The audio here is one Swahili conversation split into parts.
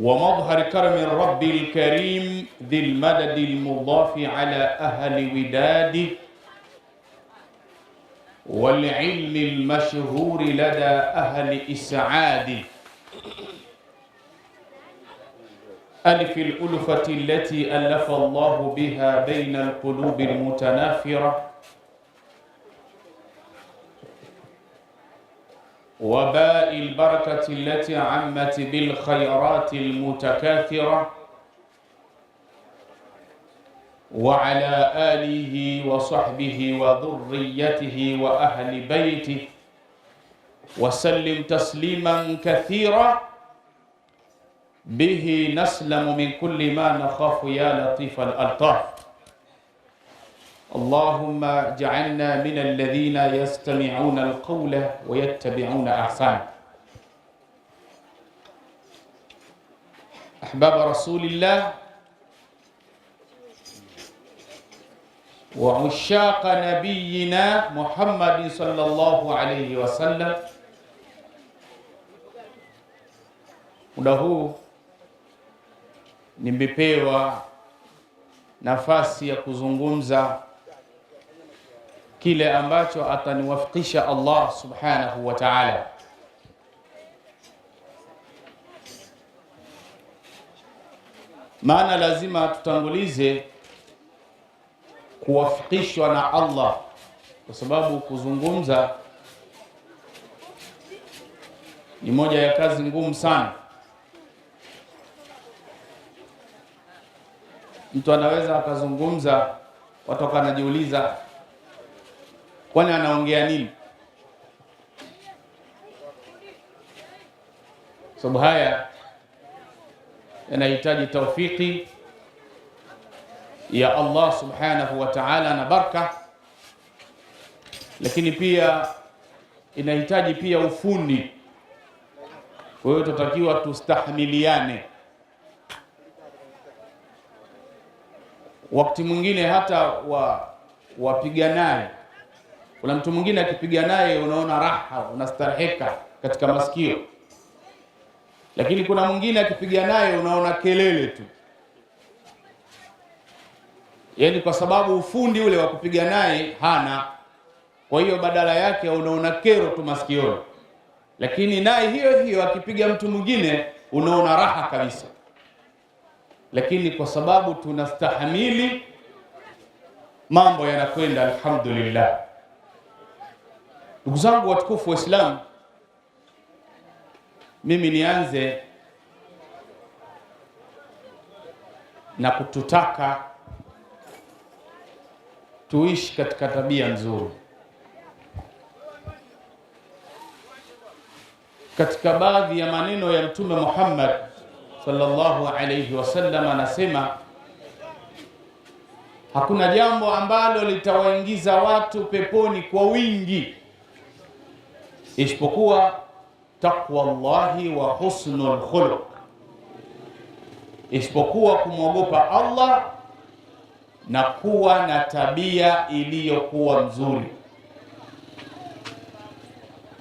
ومظهر كرم الرب الكريم ذي المدد المضاف على أهل وداده والعلم المشهور لدى أهل إسعاده ألف الألفة التي ألف الله بها بين القلوب المتنافرة وباء البركة التي عمت بالخيرات المتكاثرة وعلى آله وصحبه وذريته وأهل بيته وسلم تسليما كثيرا به نسلم من كل ما نخاف يا لطيف الألطاف اللهم اجعلنا من الذين يستمعون القول ويتبعون احسنه احباب رسول الله وعشاق نبينا محمد صلى الله عليه وسلم muda huu نفاسي nafasi kile ambacho ataniwafikisha Allah subhanahu wa ta'ala. Maana lazima tutangulize kuwafikishwa na Allah, kwa sababu kuzungumza ni moja ya kazi ngumu sana. Mtu anaweza akazungumza, watu wakanajiuliza, Kwani anaongea nini? Sababu haya yanahitaji taufiki ya Allah subhanahu wa ta'ala na baraka, lakini pia inahitaji pia ufundi. Kwa hiyo tutatakiwa tustahmiliane. Wakati mwingine hata wapiganaye kuna mtu mwingine akipiga naye unaona raha, unastareheka katika masikio, lakini kuna mwingine akipiga naye unaona kelele tu, yaani kwa sababu ufundi ule wa kupiga naye hana. Kwa hiyo badala yake unaona kero tu masikioni, lakini naye hiyo hiyo akipiga mtu mwingine unaona raha kabisa, lakini kwa sababu tunastahamili mambo yanakwenda, alhamdulillah. Ndugu zangu watukufu wa Islam, mimi nianze na kututaka tuishi katika tabia nzuri. Katika baadhi ya maneno ya Mtume Muhammad sallallahu alayhi wasallam, anasema hakuna jambo ambalo litawaingiza watu peponi kwa wingi isipokuwa taqwa Allahi wa husnul khuluq, isipokuwa kumwogopa Allah na kuwa na tabia iliyokuwa mzuri.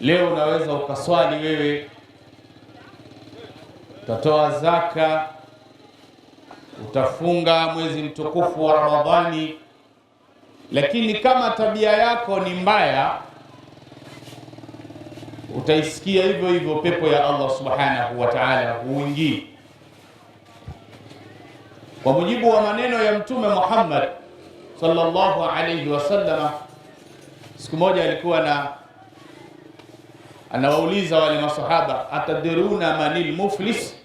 Leo unaweza ukaswali wewe, utatoa zaka, utafunga mwezi mtukufu wa Ramadhani, lakini kama tabia yako ni mbaya utaisikia hivyo hivyo, pepo ya Allah subhanahu wa ta'ala huingii. Kwa mujibu wa maneno ya Mtume Muhammad sallallahu alayhi wasallam, siku moja alikuwa na anawauliza wale masahaba, atadiruna manil muflis,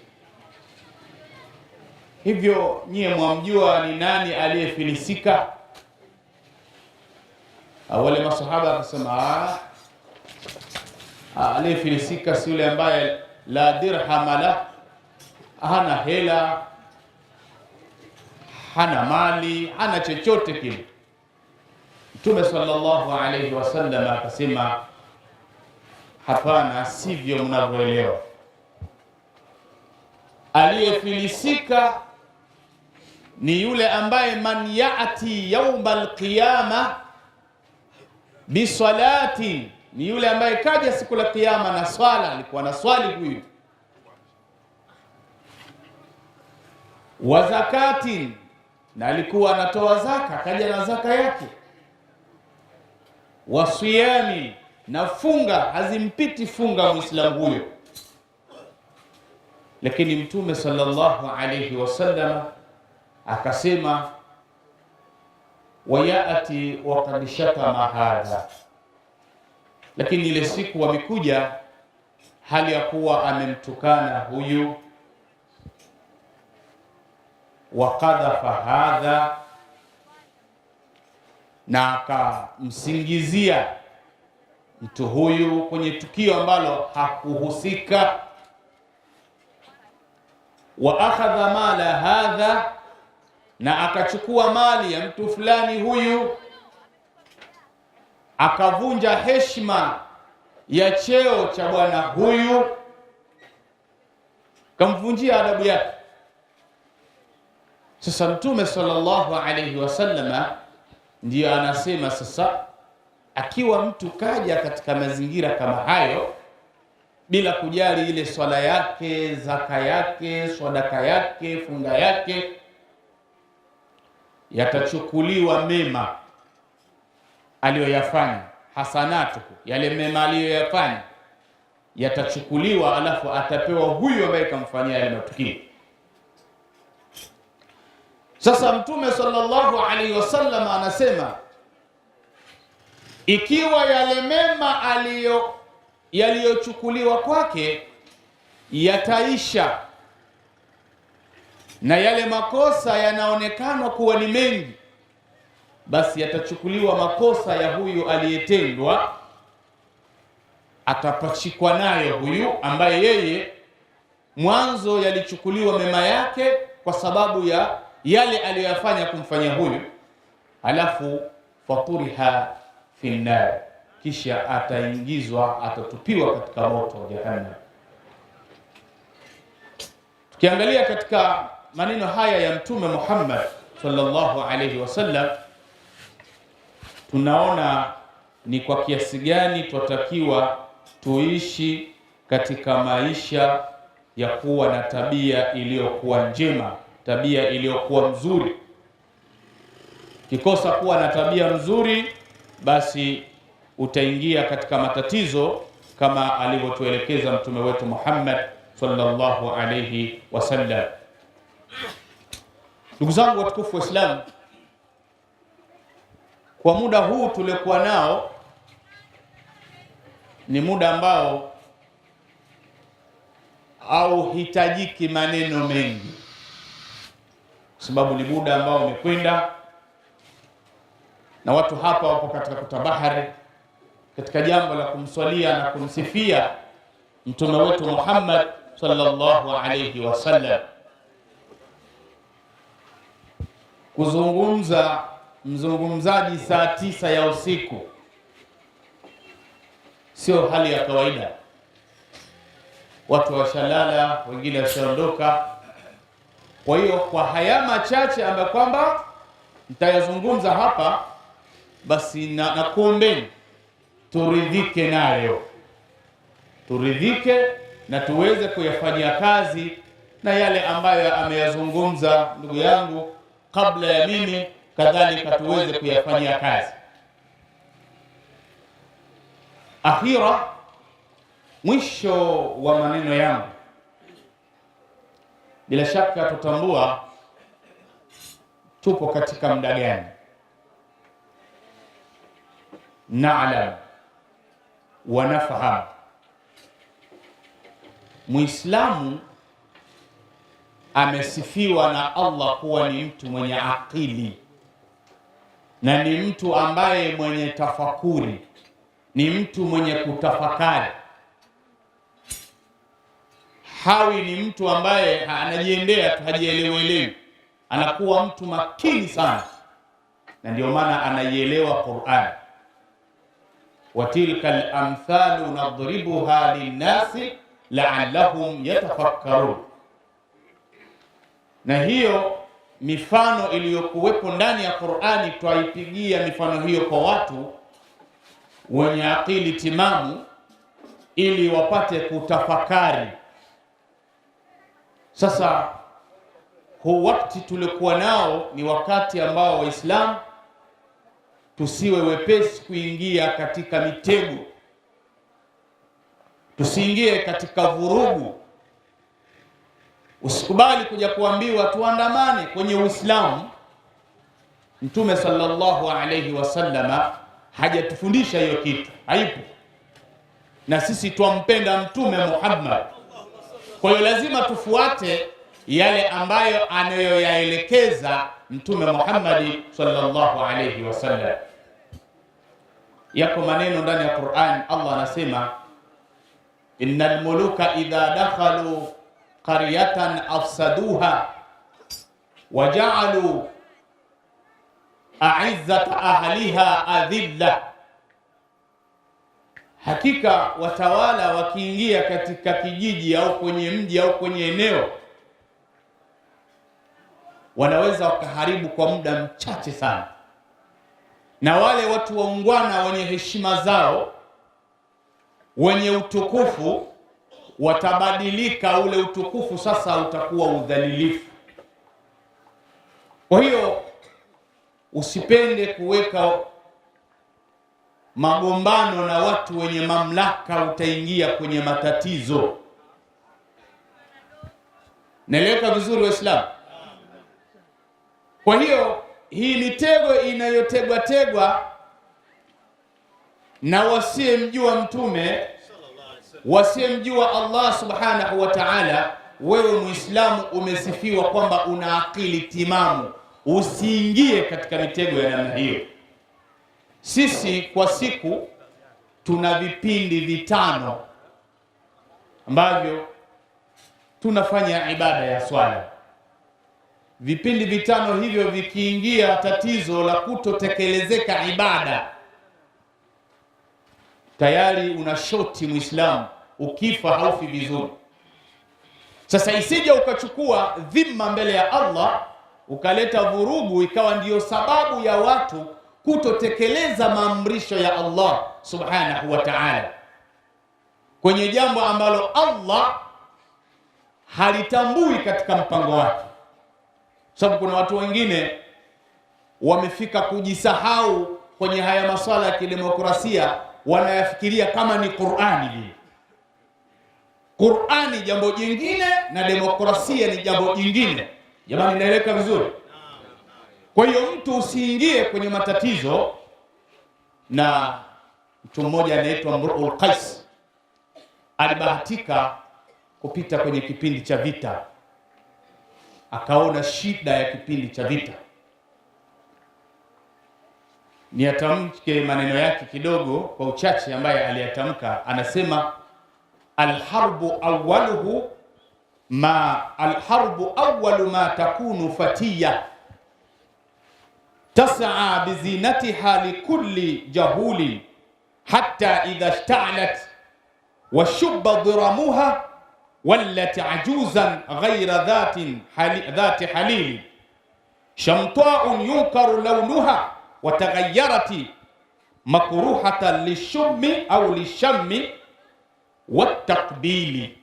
hivyo nyie mwamjua ni nani aliyefilisika? Wale masahaba akasema ah, aliyefilisika ah, si yule ambaye la dirhama la, hana hela, hana mali, hana chochote kile. Mtume sallallahu alayhi wasallam akasema, hapana, sivyo mnavyoelewa. Aliyefilisika ni yule ambaye man yaati yauma alqiyama bisalati ni yule ambaye kaja siku la kiyama na swala, alikuwa na swali huyu. Wa zakati, na alikuwa anatoa zaka, kaja na zaka yake. Wa siyami, na funga, hazimpiti funga muislamu huyo. Lakini Mtume sallallahu alayhi wasallam akasema, wayati wakad shatama hadha lakini ile siku wamekuja hali ya kuwa amemtukana huyu, wakadhafa hadha, na akamsingizia mtu huyu kwenye tukio ambalo hakuhusika, wa akhadha mala hadha, na akachukua mali ya mtu fulani huyu akavunja heshima ya cheo cha bwana huyu, kamvunjia adabu yake. Sasa Mtume sallallahu alaihi wasallama ndiyo anasema sasa, akiwa mtu kaja katika mazingira kama hayo bila kujali ile swala yake, zaka yake, swadaka yake, funga yake, yatachukuliwa mema aliyoyafanya, hasanatuhu, yale mema aliyoyafanya yatachukuliwa, alafu atapewa huyu ambaye kamfanyia yale matukio. Sasa Mtume sallallahu alaihi wasallam anasema ikiwa yale mema aliyo yaliyochukuliwa kwake yataisha na yale makosa yanaonekana kuwa ni mengi, basi yatachukuliwa makosa ya huyu aliyetendwa, atapachikwa nayo huyu ambaye yeye mwanzo yalichukuliwa mema yake kwa sababu ya yale aliyoyafanya kumfanya huyu, alafu faturiha fi nnar, kisha ataingizwa, atatupiwa katika moto wa Jahannam. Tukiangalia katika maneno haya ya Mtume Muhammad sallallahu alayhi wasallam tunaona ni kwa kiasi gani twatakiwa tuishi katika maisha ya kuwa na tabia iliyokuwa njema, tabia iliyokuwa mzuri. Kikosa kuwa na tabia mzuri, basi utaingia katika matatizo kama alivyotuelekeza mtume wetu Muhammad sallallahu alayhi wasallam. Ndugu zangu watukufu wa Islam kwa muda huu tuliokuwa nao ni muda ambao hauhitajiki maneno mengi, kwa sababu ni muda ambao umekwenda na watu hapa wapo katika kutabahari katika jambo la kumswalia na kumsifia mtume wetu Muhammad sallallahu alayhi wasallam kuzungumza mzungumzaji saa tisa ya usiku sio hali ya kawaida. Watu washalala, wengine washaondoka. Kwa hiyo kwa haya machache ambayo kwamba nitayazungumza hapa, basi na kuombeni turidhike nayo, turidhike na tuweze kuyafanyia kazi na yale ambayo ameyazungumza ndugu yangu kabla ya mimi kadhalika tuweze kuyafanyia kazi. Akhira, mwisho wa maneno yangu, bila shaka tutambua tupo katika muda gani. Naalam wa Muislamu amesifiwa na Allah kuwa ni mtu mwenye akili na ni mtu ambaye mwenye tafakuri, ni mtu mwenye kutafakari. Hawi ni mtu ambaye anajiendea tu, hajielewelewi, anakuwa mtu makini sana, na ndio maana anaielewa Qur'an. wa tilka al-amthalu nadribuha lin-nasi la'allahum yatafakkarun, na hiyo mifano iliyokuwepo ndani ya Qur'ani, twaipigia mifano hiyo kwa watu wenye akili timamu ili wapate kutafakari. Sasa huu wakati tuliokuwa nao ni wakati ambao Waislamu tusiwe wepesi kuingia katika mitego, tusiingie katika vurugu Usikubali kuja kuambiwa tuandamane kwenye Uislamu. Mtume sallallahu alayhi wasallama hajatufundisha hiyo kitu, haipo. Na sisi twampenda Mtume Muhammad, kwa hiyo lazima tufuate yale ambayo anayoyaelekeza Mtume Muhammad sallallahu alayhi wasallam. Yako maneno ndani ya Qur'an, Allah anasema innal muluka idha dakhalu qaryatan afsaduha waja'alu aizzat ahliha adhilla, hakika watawala wakiingia katika kijiji au kwenye mji au kwenye eneo wanaweza wakaharibu kwa muda mchache sana, na wale watu waungwana wenye heshima zao wenye utukufu watabadilika, ule utukufu sasa utakuwa udhalilifu. Kwa hiyo usipende kuweka magombano na watu wenye mamlaka, utaingia kwenye matatizo. Naeleweka vizuri Waislamu? Kwa hiyo hii mitego inayotegwa tegwa na wasiyemjua mtume wasiyemjua Allah subhanahu wa ta'ala, wewe Muislamu umesifiwa kwamba una akili timamu, usiingie katika mitego ya namna hiyo. Sisi kwa siku tuna vipindi vitano ambavyo tunafanya ibada ya swala. Vipindi vitano hivyo vikiingia tatizo la kutotekelezeka ibada, tayari una shoti Muislamu ukifa haufi vizuri. Sasa isije ukachukua dhima mbele ya Allah ukaleta vurugu, ikawa ndiyo sababu ya watu kutotekeleza maamrisho ya Allah subhanahu wa ta'ala kwenye jambo ambalo Allah halitambui katika mpango wake, sababu kuna watu wengine wamefika kujisahau kwenye haya masuala ya kidemokrasia, wanayafikiria kama ni Qur'ani hii Qur'ani jambo jingine na demokrasia ni jambo jingine. Jamani, naeleweka vizuri? Kwa hiyo mtu usiingie kwenye matatizo na mtu mmoja anaitwa Mruul Qais alibahatika kupita kwenye kipindi cha vita, akaona shida ya kipindi cha vita. Niyatamke maneno yake kidogo kwa uchache ambaye aliyatamka, anasema الحرب أوله ما الحرب أول ما تكون فتية تسعى بزينتها لكل جهول حتى إذا اشتعلت وشب ضرمها ولت عجوزا غير ذات حلي ذات حليل شمطاء ينكر لونها وتغيرت مكروهة للشم أو للشم watakbili.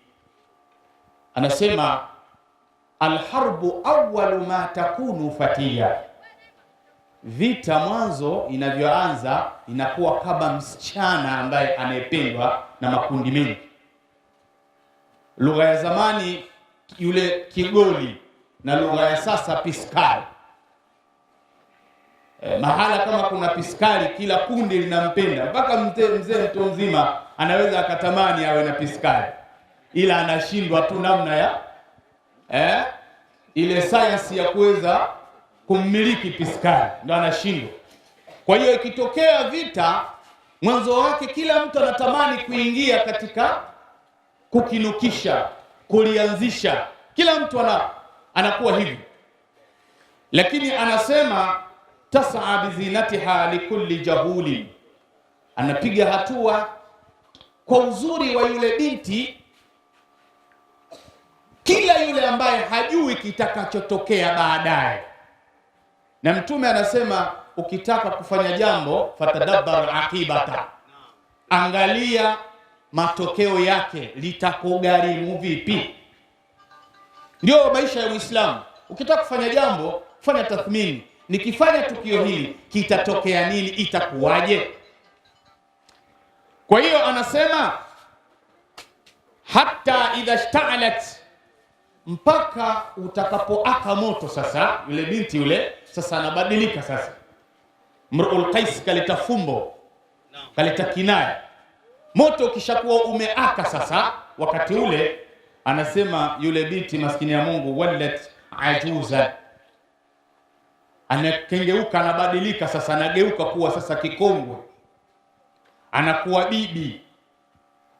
Anasema alharbu awwalu ma takunu fatiya, vita mwanzo inavyoanza inakuwa kama msichana ambaye anayependwa na makundi mengi. Lugha ya zamani yule kigoli na lugha ya sasa piskali Eh, mahala kama kuna piskari, kila kundi linampenda, mpaka mzee mzee mtu mzima anaweza akatamani awe na piskari, ila anashindwa tu namna ya eh, ile sayansi ya kuweza kummiliki piskari, ndo anashindwa. Kwa hiyo ikitokea vita, mwanzo wake kila mtu anatamani kuingia katika kukinukisha, kulianzisha, kila mtu ana, anakuwa hivi, lakini anasema tasaa bizinatiha likulli jahuli, anapiga hatua kwa uzuri wa yule binti. Kila yule ambaye hajui kitakachotokea baadaye, na Mtume anasema ukitaka kufanya jambo fatadabbar aqibata angalia matokeo yake litakugharimu vipi. Ndio maisha ya Muislamu. Ukitaka kufanya jambo, fanya tathmini nikifanya tukio hili kitatokea nini? Itakuwaje? Kwa hiyo anasema hata idha shtaalat, mpaka utakapoaka moto. Sasa yule binti yule sasa anabadilika sasa, mrul qais kaleta fumbo, kaleta kinaya. Moto ukishakuwa umeaka sasa, wakati ule anasema yule binti maskini ya Mungu, wallat ajuza anakengeuka, anabadilika sasa, anageuka kuwa sasa kikongwe, anakuwa bibi,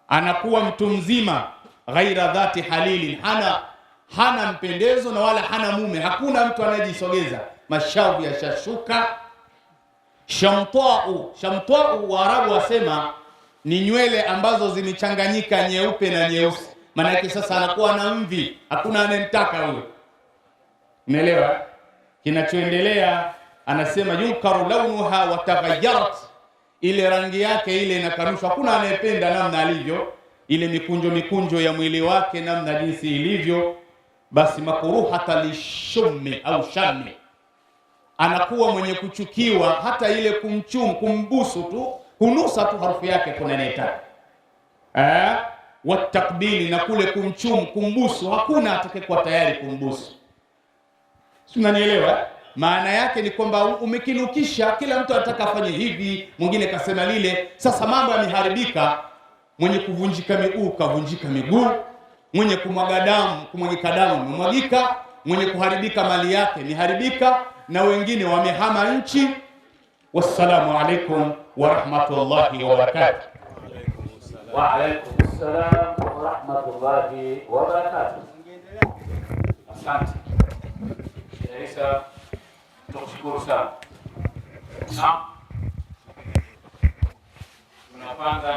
anakuwa mtu mzima, ghaira dhati halilin, hana hana mpendezo na wala hana mume, hakuna mtu anayejisogeza. Mashavu yashashuka, shamtau. Shamtau Waarabu wasema ni nywele ambazo zimechanganyika nyeupe na nyeusi, maanake sasa anakuwa na mvi, hakuna anayemtaka huyo. Umeelewa? Kinachoendelea anasema yukaru launuha wa ile rangi yake ile inakanushwa. Hakuna anayependa namna alivyo, ile mikunjo mikunjo ya mwili wake namna jinsi ilivyo, basi makuruhata lishumi au shami, anakuwa mwenye kuchukiwa. Hata ile kumchum kumbusu tu kunusa tu harufu yake kuna neta eh, watakbili na kule kumchum kumbusu, hakuna atakayekuwa tayari kumbusu Unanielewa? Eh? Maana yake ni kwamba umekinukisha, kila mtu anataka afanye hivi, mwingine kasema lile. Sasa mambo yameharibika, mwenye kuvunjika miguu kavunjika miguu, mwenye kumwaga damu kumwagika damu umemwagika, mwenye kuharibika mali yake miharibika na wengine wamehama nchi. Wassalamu alaikum warahmatullahi wabarakatuh. Wa alaikum salam wa barakatuh. Asante. Elisa, tunakushukuru sana. Tunapanda